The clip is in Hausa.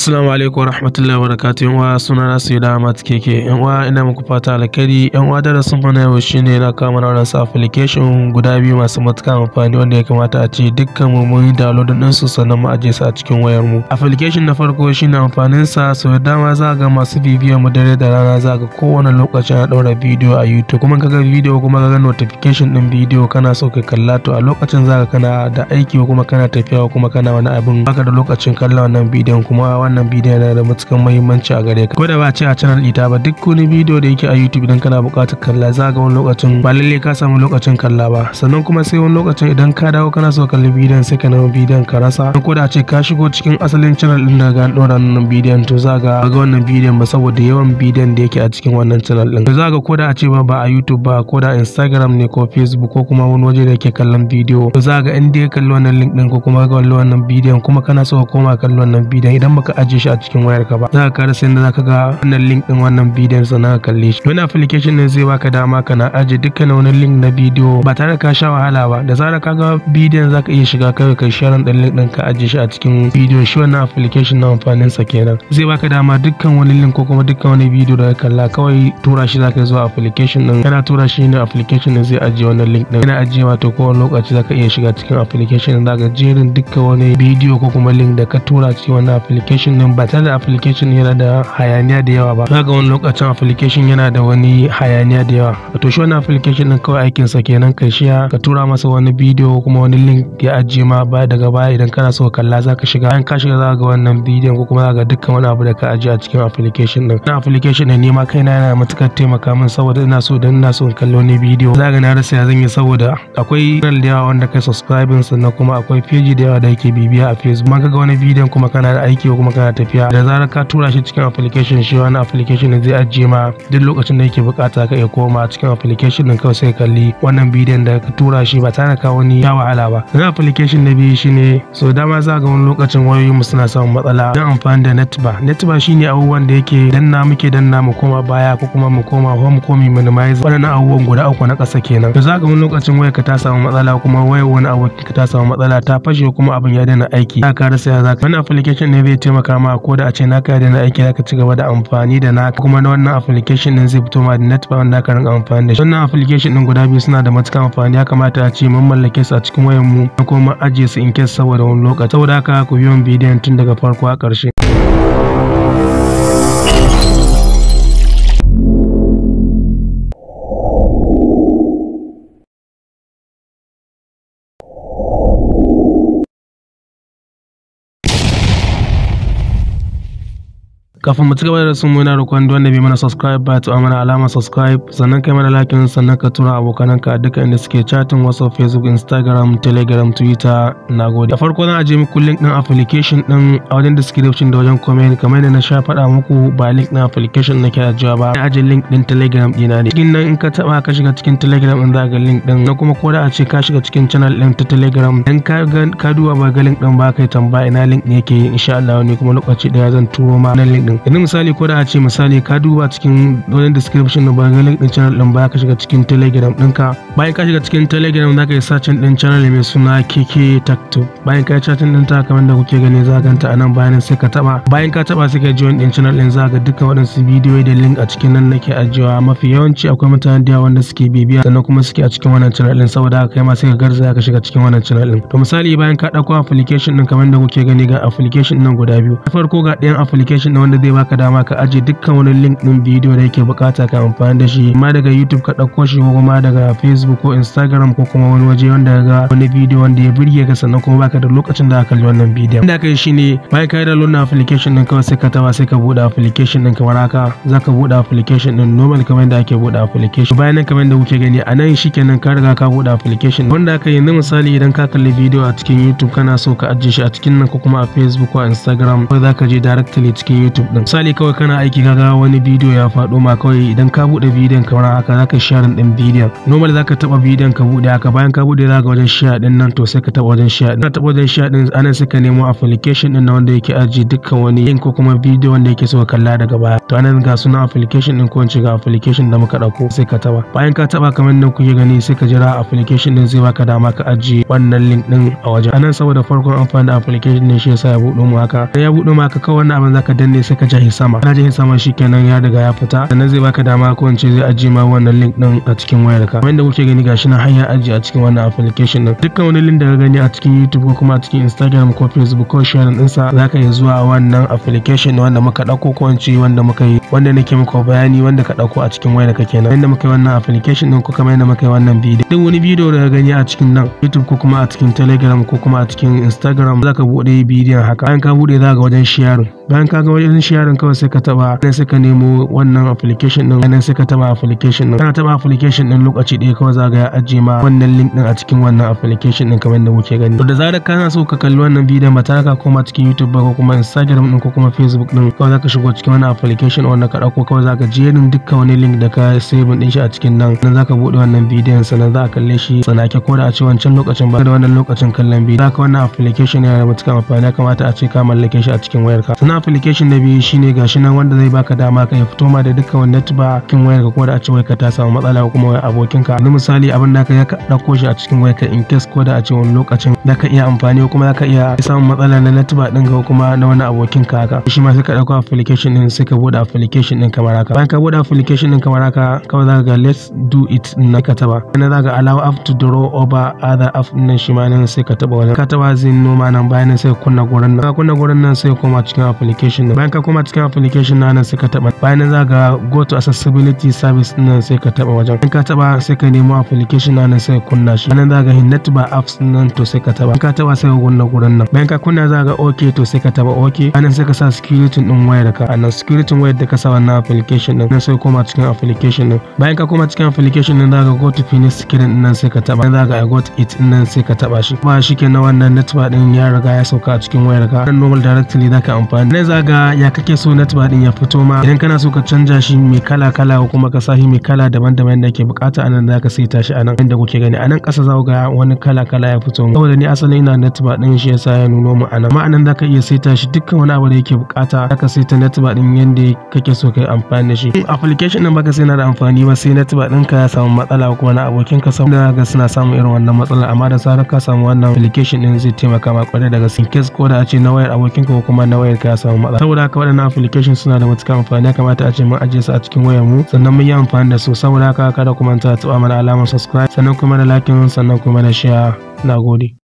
Assalamu alaikum warahmatullahi wabarakatuh yan uwa suna na su da Ahmad keke yan uwa ina muku fata alkhairi yan uwa da mu na yau shine na kama na wannan application guda biyu masu matuƙar amfani wanda ya kamata a ce dukkan mu mun download din su sannan mu aje su a cikin wayar mu application na farko shine amfanin sa so dama za ga masu bibiyar mu dare da rana za ga kowane lokaci na daura video a YouTube kuma kaga video kuma kaga notification din video kana so ka kalla to a lokacin za ka kana da aiki kuma kana tafiya kuma kana wani abin baka da lokacin kalla wannan bidiyon kuma wannan bidiyo yana da matukar muhimmanci a gare ka ko da ba ce a channel ita ba duk wani bidiyo da yake a YouTube idan kana buƙatar kalla za ga wani lokacin ba lalle ka samu lokacin kalla ba sannan kuma sai wani lokacin idan ka dawo kana so kalli bidiyon sai ka nemi bidiyon ka rasa ko da ce ka shigo cikin asalin channel din da ga ɗora wannan bidiyon to za ga ga wannan bidiyon ba saboda yawan bidiyon da yake a cikin wannan channel din to za ga ko da a ce ba ba a YouTube ba ko da Instagram ne ko Facebook ko kuma wani waje da yake kallon bidiyo to za ga inda ya kalli wannan link din ko kuma ga wannan bidiyon kuma kana so ka koma kallon wannan bidiyon idan baka ajiye shi a cikin wayar ka ba za ka kara sai da zaka ga wannan link din wannan bidiyon sa na kalle shi wani application ne zai baka dama kana ajiye dukkan wani link na bidiyo ba tare ka sha wahala ba da zarar ka ga bidiyon zaka iya shiga kai kai share din link din ka ajiye shi a cikin bidiyo shi wannan application na amfanin sa kenan zai baka dama dukkan wani link ko kuma dukkan wani bidiyo da ka kalla kawai tura shi zaka zuwa application din kana tura shi ne application din zai ajiye wannan link din yana ajiye wato kowane lokaci zaka iya shiga cikin application din zaka jerin dukkan wani bidiyo ko kuma link da ka tura cikin wannan application application din ba tare da application yana da hayaniya da yawa ba kaga wani lokacin application yana da wani hayaniya da yawa to shi wani application din kawai aikin sa kenan ka shiya ka tura masa wani bidiyo kuma wani link ya ajiye ma ba daga baya idan kana so ka kalla zaka shiga bayan ka shiga zaka ga wannan bidiyon ko kuma zaka ga dukkan wani abu da ka ajiye a cikin application din na application ne ne ma kaina yana matukar taimaka min saboda ina so dan ina so in kallo wani bidiyo zaka na rasa ya zan yi saboda akwai channel da yawa wanda kai subscribing sannan kuma akwai page da yawa da yake bibiya a Facebook ma kaga wani bidiyon kuma kana da aiki ko kuma kuma tafiya da zarar ka tura shi cikin application shi wani application zai ajiye ma duk lokacin da yake bukata ka iya koma cikin application din kawai sai kalli wannan bidiyon da ka tura shi ba tare ka wani ya wahala ba ga application na biyu shine so dama za ga wani lokacin wayoyin mu suna samun matsala don amfani da netba netba shine abubuwan da yake danna muke danna mu koma baya ko kuma mu koma home ko mu minimize waɗannan abubuwan guda uku na kasa kenan da za ga wani lokacin wayar ka ta samu matsala kuma wayar wani abu ka ta samu matsala ta fashe kuma abin ya daina aiki za ka rasa ya za ka wani application ne zai taimaka taimaka ma ko da a ce naka da na aiki zaka ci gaba da amfani da naka kuma na wannan application din zai fito ma da net ba wanda ka rinka amfani da shi wannan application din guda biyu suna da matuƙar amfani ya kamata a ce mun mallake su a cikin wayan mu kuma ajiye su in case saboda wani lokaci saboda haka ku biyo bidiyon tun daga farko a ƙarshe kafin mu ci gaba da sun muna rukun duk wanda bai mana subscribe ba to mana alama subscribe sannan kai mana like sannan ka tura abokananka duka inda suke chatting WhatsApp Facebook Instagram Telegram Twitter nagode da farko na aje muku link din application din a wajen description da wajen comment kamar yadda na sha faɗa muku ba link din application na kira jiya ba na aje link din Telegram dina ne cikin nan in ka taba ka shiga cikin Telegram din za ga link din na kuma ko da a ce ka shiga cikin channel din ta Telegram dan ka ka duba ba ga link din ba kai tambaya ina link ne yake insha Allah ne kuma lokaci daya zan turo ma na link din yanzu misali ko da a ce misali ka duba cikin wannan description na bayan link din channel din baya ka shiga cikin telegram ɗinka bayan ka shiga cikin telegram za ka yi sacin din channel mai suna keke tacto bayan ka yi chatting din ta kamar da kuke gani za ganta a nan bayan sai ka taba bayan ka taba sai ka join din channel din za ga dukkan waɗansu bidiyo da link a cikin nan nake ajiyewa mafi yawanci akwai mutane da yawa wanda suke bibiya sannan kuma suke a cikin wannan channel din saboda haka kai ma sai ka garza ka shiga cikin wannan channel din to misali bayan ka ɗauko application din kamar da kuke gani ga application nan guda biyu farko ga ɗayan application din wanda zai baka dama ka ajiye dukkan wani link din bidiyo da yake bukata ka amfani da shi amma daga youtube ka dauko shi ko kuma daga facebook ko instagram ko kuma wani waje wanda ga wani bidiyo wanda ya birge ka sannan kuma baka da lokacin da aka kalli wannan bidiyon inda kai shine bayan ka kai da loan application ɗin kawai sai ka tawa sai ka bude application ɗin kamar haka zaka buɗe application ɗin normal kamar da ake buɗe application bayan nan kamar da kuke gani a nan shikenan ka riga ka buɗe application wanda aka yanzu misali idan ka kalli bidiyo a cikin youtube kana so ka ajiye shi a cikin nan ko kuma a facebook ko instagram ko za je directly cikin youtube din misali kawai kana aiki kaga wani bidiyo ya faɗo ma kawai idan ka bude bidiyon kamar haka zaka share din bidiyon normally zaka taba bidiyon ka bude haka bayan ka bude zaka wajen share din nan to sai ka taba wajen share din ka taba wajen share din anan sai ka nemo application din na wanda yake aji dukkan wani link ko kuma bidiyo wanda yake so ka kalla daga baya to anan ga suna application din ko in ce ga application da muka dauko sai ka taba bayan ka taba kamar nan kuke gani sai ka jira application din zai baka dama ka aji wannan link din a wajen anan saboda farkon amfani da application din shi yasa ya bude mu haka sai ya bude mu haka kawai wannan abin zaka danne sai ka jahin sama kana jahin sama kenan ya riga ya fita sannan zai baka dama ko in ce zai ajiye ma wannan link din a cikin wayar ka kamar yadda kuke gani gashi na hanyar ajiye a cikin wannan application din dukkan wani link da ka gani a cikin YouTube ko kuma a cikin Instagram ko Facebook ko sharing ɗinsa za ka iya zuwa wannan application wanda muka ɗauko ko in ce wanda muka yi wanda nake muku bayani wanda ka ɗauko a cikin wayar ka kenan yadda muka yi wannan application din ko kamar yadda muka yi wannan bidiyo duk wani bidiyo da ka gani a cikin nan YouTube ko kuma a cikin Telegram ko kuma a cikin Instagram za ka buɗe bidiyon haka bayan ka buɗe za ka ga wajen sharing bayan ka ga wajen sharing kawai sai ka taba sai suka nemo wannan application din sai suka taba application din kana taba application din lokaci ɗaya kawai za ga ya ajiye ma wannan link din a cikin wannan application din kamar yadda muke gani to da zarar kana so ka kalli wannan bidiyon ba ta ka koma cikin YouTube ba ko kuma Instagram din ko kuma Facebook din kawai za ka shigo cikin wannan application wannan ka dauko kawai za ka jerin dukkan wani link da ka save din shi a cikin nan nan za ka bude wannan bidiyon sannan za ka kalle shi tsanake ko da a ce wancan lokacin ba da wannan lokacin kallon bidiyo za ka wannan application yana da matuƙar amfani ya kamata a ce ka mallake shi a cikin wayarka sannan application na biyu shine gashi nan wanda zai baka dama ka fito ma da dukkan wannan tuba cikin wayar ka ko da a ce wayar ka ta samu matsala ko kuma wayar abokin ka wani misali abin da ka ya dauko shi a cikin wayar ka in case ko da a ce wani lokacin da ka iya amfani kuma ka iya samun matsala na natuba din ka kuma na wani abokin ka haka shi ma sai ka dauko application din sai ka bude application din kamar haka bayan ka bude application din kamar haka kawai ka ga let's do it na ka taba za zaka allow app to draw over other app din shi ma nan sai ka taba wannan ka taba zin noma nan bayan sai kunna gurin nan ka kunna gurin nan sai koma cikin application application din bayan ka koma cikin application na nan sai ka taba bayan nan za ga go to accessibility service din nan sai ka taba wajen in ka taba sai ka nemo application na nan sai ka kunna shi nan za ga hinnet ba apps nan to sai ka taba in ka taba sai ka kunna gurin nan bayan ka kunna za ga okay to sai ka taba okay nan sai ka sa security din wayar ka nan security wayar da ka sa wannan application din nan sai koma cikin application din bayan ka koma cikin application din za ga go to finish screen din nan sai ka taba nan za ga i got it din nan sai ka taba shi ba shi kenan wannan network din ya riga ya sauka a cikin wayar ka normal directly za ka amfani ne za ya kake so na bar ya fito ma idan kana so ka canja shi mai kala kala ko kuma ka sa shi mai kala daban-daban da ke bukata anan za ka ta shi anan inda kuke gani anan kasa za ga wani kala kala ya fito ma saboda ni asali ina net bar din shi yasa ya nuno mu anan amma anan za ka iya saita shi dukkan wani abu da yake bukata za ka ta net bar din yadda kake so kai amfani da shi application din baka sai na da amfani ba sai net bar din ka ya samu matsala ko wani abokin ka samu da ga suna samun irin wannan matsala amma da zarar ka samu wannan application din zai taimaka ma kwarai in case ko da a ce na wayar abokin ka ko kuma na wayar ka samu matsala saboda haka waɗannan application suna da matuƙar amfani ya kamata a ce mun ajiye su a cikin wayar mu sannan mun yi amfani da su saboda haka kada ku manta taɓa mana alamar subscribe sannan kuma da like sannan kuma da share nagode